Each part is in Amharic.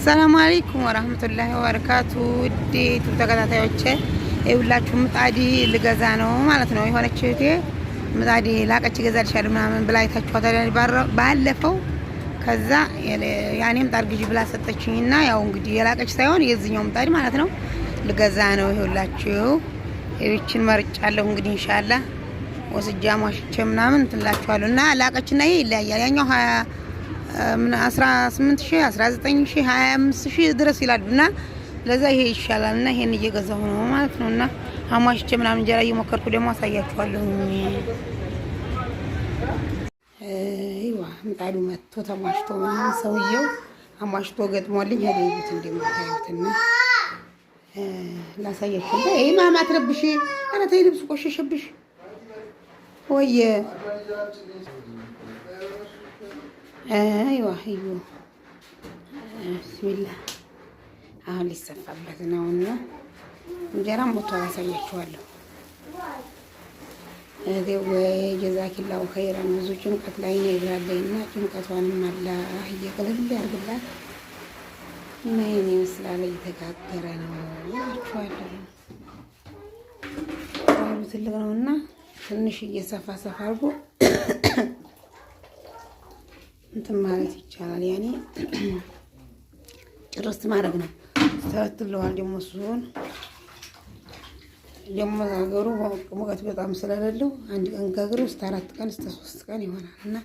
አሰላሙ አለይኩም ወረህመቱላሂ ወበረካቱ ውድ ዩቱብ ተከታታዮቼ ሁላችሁ ምጣድ ልገዛ ነው ማለት ነው። የሆነች እህቴ ምጣድ ላቀች እገዛልሻለሁ ምናምን ብላ አይታችኋት ባለፈው። ከዛ ያኔ ምጣድ ግዢ ብላ ሰጠችኝና ያው እንግዲህ የላቀች ሳይሆን የዚኛው ምጣድ ማለት ነው ልገዛ ነው። ይኸውላችሁ ይህችን መርጫለሁ እንግዲህ ኢንሻላህ ወስጃ ማሽቼ ምናምን ትላችኋለሁ እና ላቀችና ይሄ ይለያያል ያኛው 18 ሺህ 19 ሺህ 25 ሺህ ድረስ ይላሉ እና ለዛ ይሄ ይሻላል እና ይሄን እየገዛሁ ነው ማለት ነው። እና አሟሽቼ ምናምን እንጀራ እየሞከርኩ ደግሞ አሳያችኋለሁ። ይዋ ምጣዱ መጥቶ ተሟሽቶ ምናምን ሰውየው አሟሽቶ ገጥሞልኝ ሄደ። ይሉት እንደምታዩትና ላሳያችሁ። ይሄ ማማ ትረብሽ፣ ኧረ ተይ ልብስ ቆሸሸብሽ ወየ አይዋ እዩ ብስሚላ አሁን ሊሰፋበት ነው እና እንጀራ ሞቶ አላሳያችኋለሁ። እህቴ ወይ ጀዛኪላሁ ኸይረን ብዙ ጭንቀት ላይ ነው ይዛለኝና ጭንቀቷንም አላህ እየቅልል ያርግላት እና ይህን ይመስላል። እየተጋገረ ነው እላችኋለሁ። ትልቅ ነው እና ትንሽ እየሰፋ ሰፋ አድርጎ እንትን ማለት ይቻላል። ያኔ ጭርስ ማድረግ ነው። ተትለዋል ደግሞ ሲሆን ደግሞ ሀገሩ ሙቀት በጣም ስለሌለው አንድ ቀን ከሀገሩ እስከ አራት ቀን እስከ ሶስት ቀን ይሆናል እና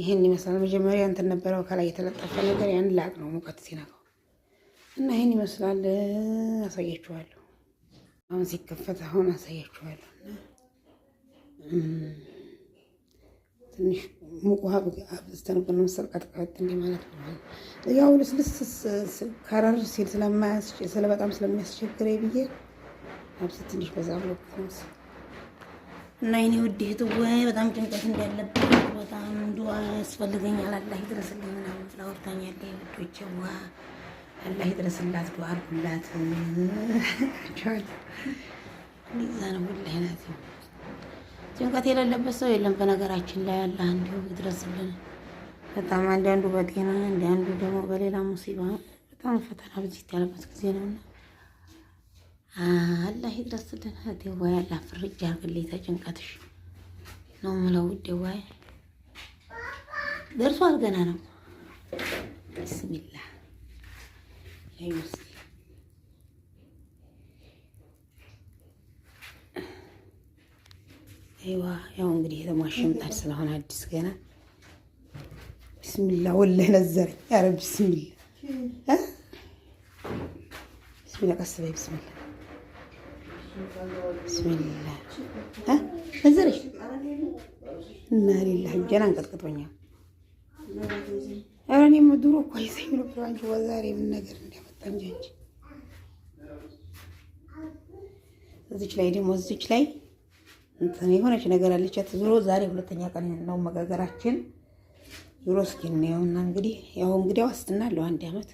ይህን ይመስላል። መጀመሪያ እንትን ነበረው ከላይ የተለጠፈ ነገር ያን ላቅ ነው ሙቀት ሲነካው እና ይህን ይመስላል። አሳያችኋለሁ። አሁን ሲከፈት አሁን አሳያችኋለሁ እና ትንሽ ሙቅ ውሃ አብዝተንብን ምስል ቀጥቀጥ እንዲህ ማለት ነው። ያው ልስልስ ከረር ሲል ስለ በጣም ስለሚያስቸግረ ብዬ አብዝ ትንሽ በዛ ብሎስ እና ይኔ ውድ እህትዬ በጣም ጭንቀት እንዳለበት በጣም እንዱ ያስፈልገኛል። አላህ ይድረስልኝ ምናምን ላወርታኝ ያለ ውዶች ዋ አላህ ይድረስላት ዱዓ አድርጉላት ቸዋል ዛ ነው ውድ ላይናት ጭንቀት የሌለበት ሰው የለም። በነገራችን ላይ አላህ እንዲሁ ይድረስልን። በጣም አንዳንዱ በጤና አንዳንዱ ደግሞ በሌላ ሙሲባ በጣም ፈተና ብዚት ያለበት ጊዜ ነውና አላህ ይድረስልን። ደዋይ አላህ ፍርጅ አርግልኝ ተጭንቀትሽ ነው ምለው። ደዋይ ደርሷል ገና ነው። ብስሚላህ ይዋ ያው እንግዲህ የተሟሸ ምጣድ ስለሆነ አዲስ ገና ብስሚላ ወላሂ ነዘረኝ። ኧረ ብስሚላ ብስሚላ፣ ቀስ በይ ብስሚላ፣ ብስሚላ ነዘረኝ። እና ሌላ ጀና እንቀጥቅጦኛል። ኧረ እኔም ድሮ እኮ ይዘኝ ነበር። አንቺ ዛሬ ምን ነገር እንዲያመጣ እንጂ አንቺ እዚች ላይ ደግሞ እዚች ላይ የሆነች ነገር አለቻት። ዞሮ ዛሬ ሁለተኛ ቀን ነው መጋገራችን። ዞሮ እስኪ እናየውና እንግዲህ ያው እንግዲህ ዋስትና አለው አንድ አመት።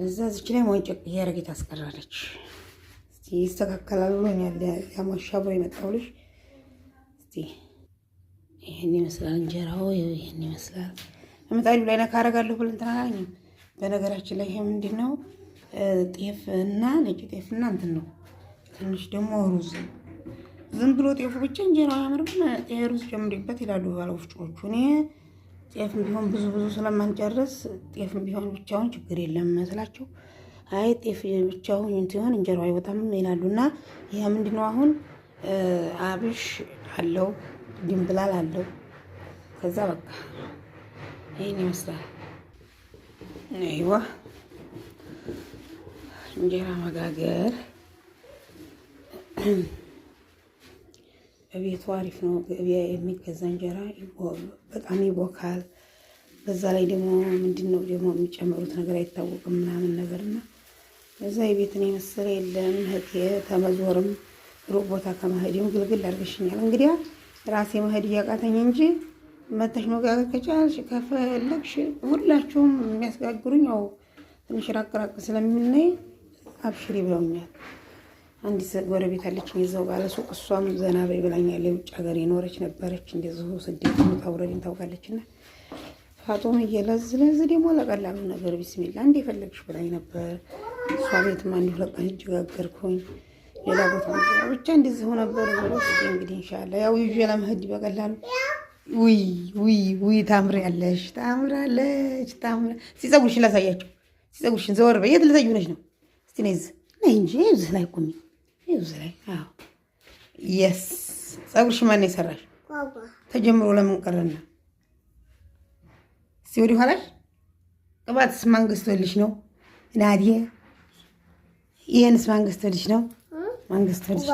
ለዛ ዝች ላይ መወንጨቅ እያደረገ ታስቀራለች። እስቲ ይስተካከላል ብሎኛል ያማሻ ብሎ የመጣው ልጅ። እስቲ ይህን ይመስላል እንጀራው፣ ይህን ይመስላል ምጣዱ ላይ ነካ አደርጋለሁ ብለን እንትን በነገራችን ላይ ይሄ ምንድን ነው ጤፍ እና ነጭ ጤፍ እና እንትን ነው ትንሽ ደግሞ ሩዝ ዝም ብሎ ጤፉ ብቻ እንጀራ አያምርም፣ ሩዝ ጨምሪበት ይላሉ ባለወፍጮቹ። እኔ ጤፍም ቢሆን ብዙ ብዙ ስለማንጨርስ ጤፍም ቢሆን ብቻውን ችግር የለም መስላቸው፣ አይ ጤፍ ብቻውን ሲሆን እንጀራ አይወጣም ይላሉ። እና ይህ ምንድነው አሁን አብሽ አለው ድንብላል አለው። ከዛ በቃ ይህን ይመስላል። ይዋ እንጀራ መጋገር ቤቱ አሪፍ ነው። ገበያ የሚገዛ እንጀራ በጣም ይቦካል። በዛ ላይ ደግሞ ምንድን ነው ደግሞ የሚጨምሩት ነገር አይታወቅም ምናምን ነገር እና እዛ የቤትን የመሰለ የለም። እህቴ ተመዞርም ሩቅ ቦታ ከመሄድም ግልግል አድርገሽኛል። እንግዲያ ራሴ መሄድ እያቃተኝ እንጂ መተሽ መጋገር ከቻልሽ ከፈለግሽ ሁላችሁም የሚያስጋግሩኝ ያው ትንሽ ራቅራቅ ስለሚናይ ስለምናይ አብሽሪ ብለውኛል። አንዲት ጎረቤት አለችኝ እዛው ባለሱቅ እሷም ዘና በይ ብላኛለ። የውጭ ሀገር የኖረች ነበረች እንደዚሁ ስደት ውጣ ውረድን ታውቃለችና ፋጦም እየለዝ ለዝ ደግሞ ለቀላሉ ነገር ቢስሚላ እንደ ፈለግሽ ብላኝ ነበር። እሷ ቤትም አንድ ለቀን ቀን እጅጋገርኩኝ ሌላ ቦታ ብቻ እንደዚሁ ነበር። ዞሮ እንግዲህ እንሻላ ያው ይዤ ለመሄድ በቀላሉ ውይ ውይ ውይ ታምር አለች ታምር ሲፀጉርሽን ላሳያቸው። ሲፀጉርሽን ዘወር በይ። የት ልታዩ ነሽ ነው? እስቲ ነይ እዚህ እንጂ ዝህ ላይ ቁሚ ዩዝ ላይ አዎ፣ የስ ጸጉርሽ ማን የሰራሽ? ተጀምሮ ለምን ቀረና? እስቲ ወደ ኋላሽ ቅባትስ ማን ገዝቶልሽ ነው? ናዲዬ ይሄንስ ማን ገዝቶልሽ ነው? ማን ገዝቶልሽ?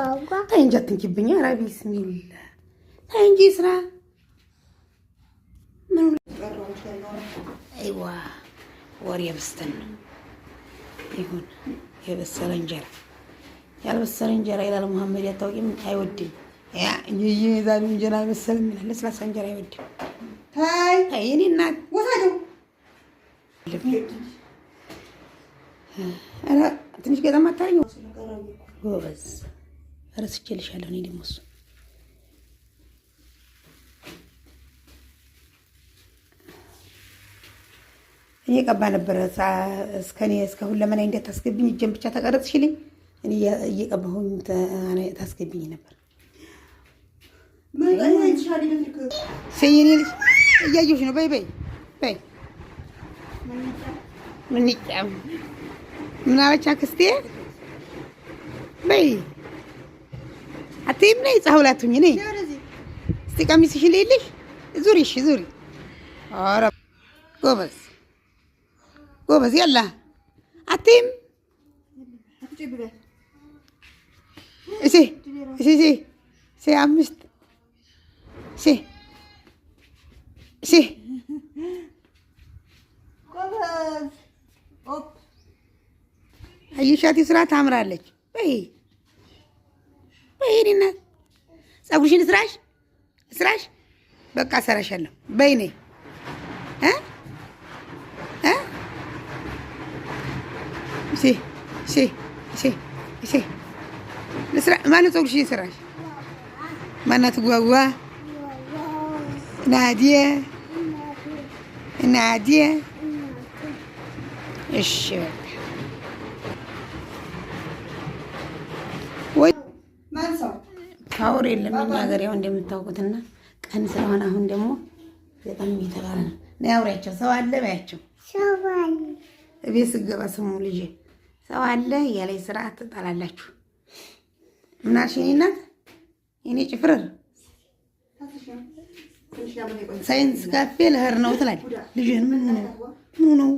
ተይ እንጂ አትንኪብኝ። ኧረ ቢስሚላ ተይ እንጂ ስራ አይዋ ወር የበስተን ነው ይሁን የበሰለ እንጀራ ያልበሰለ እንጀራ ይላል መሐመድ። ያታወቂም አይወድም የዛሬው እንጀራ አልበሰለም ይላል። ለስላሳ እንጀራ አይወድም። የእኔ እናት ትንሽ ገጠም አታረኝ። ጎበዝ ረስቼልሻለሁ። እኔ ደግሞ እሱ እኔ ቀባ ነበረ እስከኔ እኔ እስከ ሁለመናይ እንዳታስገብኝ እጄን ብቻ ተቀረጽሽልኝ እኔ እየቀባሁኝ ታስገብኝ ነበር። ሰየኔ ልጅ እያየሁሽ ነው። በይ በይ በይ። ምንጫም ምን አለች አክስቴ? በይ አትይም ነይ ፀሐውላቱኝ ነይ እስቲ ቀሚስሽ ልይልሽ። ዙሪ እሺ ዙሪ። ኧረ ጎበዝ ጎበዝ። ያላ አትይም እሺ እሺ እሺ እሺ አምስት እሺ እሺ አየሻት ስራ ታምራለች። በይ በይ እኔ ፀጉርሽን ስራሽ ስራሽ በቃ እሰራሻለሁ። በይ ነይ እ እ እሺ እሺ እሺ እሺ ልስራ። ማነው ፀጉርሽ ይሰራል? ማናት ጓጓ ናዲየ ናዲየ። እሺ ፓወር የለም እኛ ያው እንደምታውቁትና ቀን ስለሆነ አሁን ደግሞ በጣም እየተባለ ነው። ና አውሪያቸው ሰው አለ በያቸው። እቤት ስገባ ስሙ ልጄ ሰው አለ እያለኝ ስራ ትጣላላችሁ። ምናልሽ የእኔ እናት የእኔ ጭፍርር ሳይንስ ካፌ ልሄድ ነው ትላለች። ልጅህን ምን ሆነው ምን ሆነው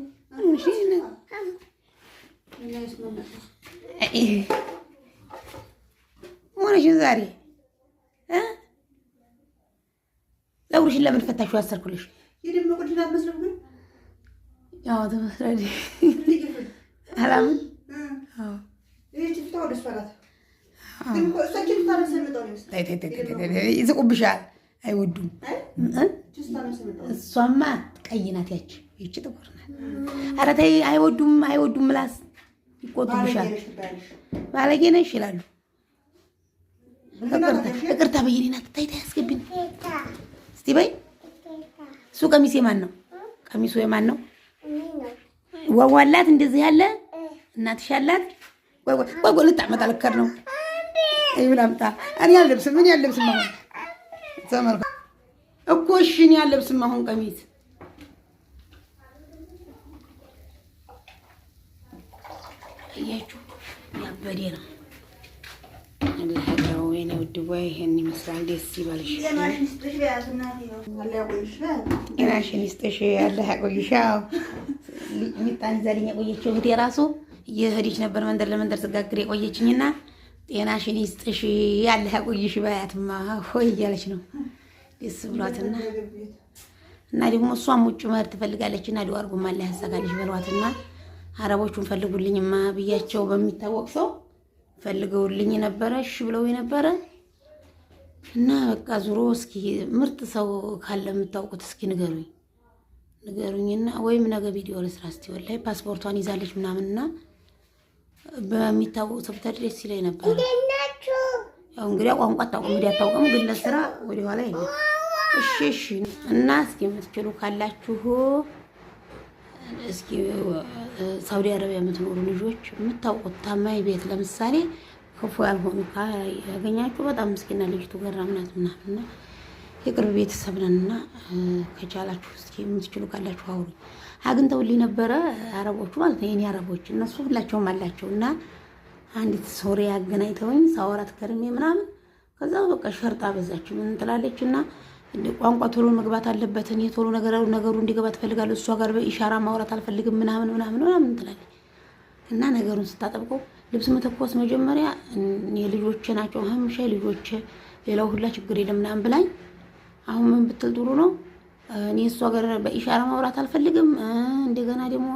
ሆነሽን ዛሬ ፀጉርሽን ለምን ፈታሽ? አሰርኩልሽ። አላምን ይዝቁብሻል። አይወዱም። እሷማ ቀይ ናት፣ ያች ይቺ ጥቁር ናት። ኧረ ተይ፣ አይወዱም፣ አይወዱም። ምላስ ይቆጡብሻል። ባለጌ ነሽ ይላሉ። ይቅርታ በይ፣ እኔ ናት። ተይ ተይ፣ አስገብኝ እስቲ በይ። እሱ ቀሚሴ ማን ነው? ቀሚሱ የማን ነው? ዋዋላት እንደዚህ ያለ እናትሽ አላት። ቆይ ቆይ፣ ልታመጣ ልከር ነው ይብላ አምጣ። እኔ አልለብስም እኔ አልለብስም አሁን ተመርኩ እኮ እሺ፣ እኔ አልለብስም አሁን ቀሚስ እያችሁ ያበዴ ነው። ለለው ወይኔ ውድዋ ይሄን ይመስላል። ደስ ይበልሽ፣ ጤናሽን ይስጥሽ፣ አላህ ያቆይሽ። ሚጣን ይዛልኝ የቆየችው እህቴ እራሱ የሄደች ነበር መንደር ለመንደር ስጋግር የቆየችኝና ጤናሽን ይስጥሽ ያለ ያቆይሽ በያትማ ሆይ እያለች ነው ደስ ብሏትና እና ደግሞ እሷም ውጭ መሄድ ትፈልጋለች እና ዲዋር አድርጎማ ላይ ያሳካልሽ በሏትና አረቦቹን ፈልጉልኝማ ብያቸው በሚታወቅ ሰው ፈልገውልኝ ነበረ። እሺ ብለው ነበረ እና በቃ ዙሮ እስኪ ምርጥ ሰው ካለ የምታውቁት እስኪ ንገሩኝ ንገሩኝና ወይም ነገ ቪዲዮ ለስራ ስትወል ላይ ፓስፖርቷን ይዛለች ምናምንና በሚታወቅ ሰብተር ደስ ይለኝ ነበር። ያው እንግዲያ ቋንቋ አታውቅም እንግዲህ አታውቅም፣ ግን ለስራ ወደኋላ የለ። እሺ እሺ። እና እስኪ የምትችሉ ካላችሁ እስኪ ሳውዲ አረቢያ የምትኖሩ ልጆች የምታውቁት ታማኝ ቤት ለምሳሌ ክፉ ያልሆኑ ያገኛችሁ በጣም ምስኪና ልጅቱ ገራምናት ምናምና የቅርብ ቤተሰብ ነን እና ከቻላችሁ እስኪ የምትችሉ ካላችሁ አውሪ። አግኝተውልኝ ነበረ አረቦቹ ማለት ነው የኔ አረቦች፣ እነሱ ሁላቸውም አላቸው እና አንዲት ሶሪያ አገናኝተውኝ ሳወራት ከርሜ ምናምን ከዛ በቃ ሸርጣ በዛች ምን ትላለች እና ቋንቋ ቶሎ መግባት አለበትን የቶሎ ቶሎ ነገሩ እንዲገባ ትፈልጋለሁ። እሷ ጋር በኢሻራ ማውራት አልፈልግም ምናምን ምናምን ምናምን ትላለች እና ነገሩን ስታጠብቀው ልብስ መተኮስ መጀመሪያ ልጆቼ ናቸው ሀምሻ ልጆቼ፣ ሌላው ሁላ ችግር የለም ምናምን ብላኝ አሁን ምን ብትል ጥሩ ነው? እኔ እሷ ጋር በኢሻራ ማውራት አልፈልግም። እንደገና ደግሞ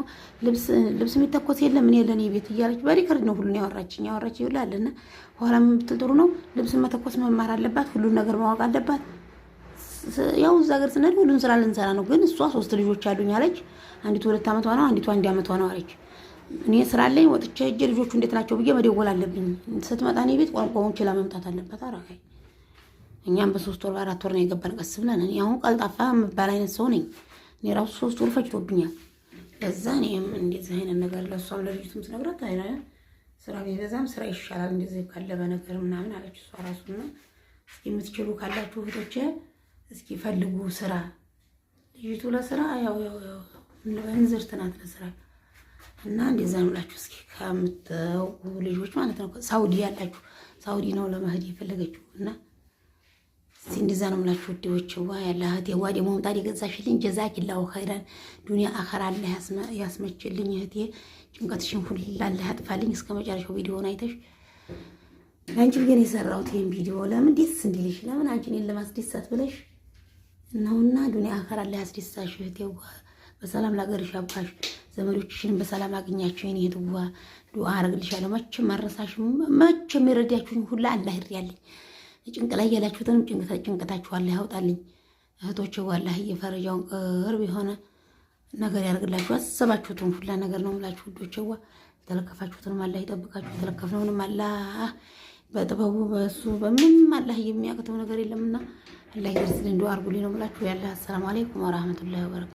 ልብስ ልብስ የሚተኮስ የለም ምን የለን ቤት እያለች በሪከርድ ነው ሁሉን ያወራችኝ ያወራች ይውላልና፣ ኋላ ምን ብትል ጥሩ ነው? ልብስ መተኮስ መማር አለባት። ሁሉን ነገር ማወቅ አለባት። ያው እዛ ሀገር ስነድ ሁሉን ስራ ልንሰራ ነው። ግን እሷ ሶስት ልጆች አሉኝ አለች። አንዲቱ ሁለት አመቷ ነው፣ አንዲቱ አንድ አመቷ ነው አለች። እኔ ስራ አለኝ ወጥቼ ሂጅ ልጆቹ እንዴት ናቸው ብዬ መደወል አለብኝ። ስትመጣ እኔ ቤት ቋንቋውን ችላ መምጣት አለባት። አራካኝ እኛም በሶስት ወር በአራት ወር ነው የገባን ቀስ ብለን። እኔ አሁን ቀልጣፋ የምባል አይነት ሰው ነኝ። እኔ ራሱ ሶስት ወር ፈጅቶብኛል። ለዛ እኔም እንደዚህ አይነት ነገር ለእሷም ለልጅቱም ስነግራት ስራ ቢበዛም ስራ ይሻላል እንደዚህ ካለ በነገር ምናምን አለች እሷ ራሱ እና እስኪ የምትችሉ ካላችሁ እህቶቼ እስኪ ፈልጉ ስራ። ልጅቱ ለስራ ያው ያው ያው እንዝርት ናት ለስራ እና እንደዛ ነው ላችሁ እስኪ ከምታውቁ ልጆች ማለት ነው። ሳውዲ ያላችሁ ሳውዲ ነው ለመሄድ የፈለገችው እና እስቲ እንደዛ ነው የምላችሁ ውዴዎች። ዋ ያላህት የዋ ደግሞ መምጣት የገዛሽልኝ ጀዛኪላሁ ኸይራን ዱኒያ አኸራ አላህ ያስመችልኝ እህቴ። ጭንቀትሽን ሁላ አላህ ያጥፋልኝ። እስከ መጨረሻው ቪዲዮን አይተሽ ለአንቺ ብዬ የሰራሁት ይህን ቪዲዮ። ለምን ደስ እንዲልሽ፣ ለምን አንቺ እኔን ለማስደሳት ብለሽ እናውና ዱኒያ አኸራ አላህ ያስደሳሽ እህቴ። በሰላም ለሀገርሽ አብቃሽ። ዘመዶችሽንም በሰላም አገኛቸው። የኔ እህትዋ ዱአ አረግልሻለሁ። መቼም አረሳሽም። መቼም የረዳችሁኝ ሁላ አላህ ይርዳልኝ። ጭንቅ ላይ ያላችሁትንም ጭንቅታችሁ አላህ ያውጣልኝ። እህቶች ዋላህ የፈረጃውን ቅርብ የሆነ ነገር ያደርግላችሁ። አሰባችሁትን ሁላ ነገር ነው የምላችሁ ውዶችዋ። የተለከፋችሁትንም አላህ ይጠብቃችሁ። የተለከፍነውንም አላህ በጥበቡ በሱ በምንም አላህ የሚያቅተው ነገር የለምና አላህ ይደርስልን። እንዲ አርጉልኝ ነው ምላችሁ ያለ አሰላሙ አለይኩም ወራህመቱላሂ ወበረካቱ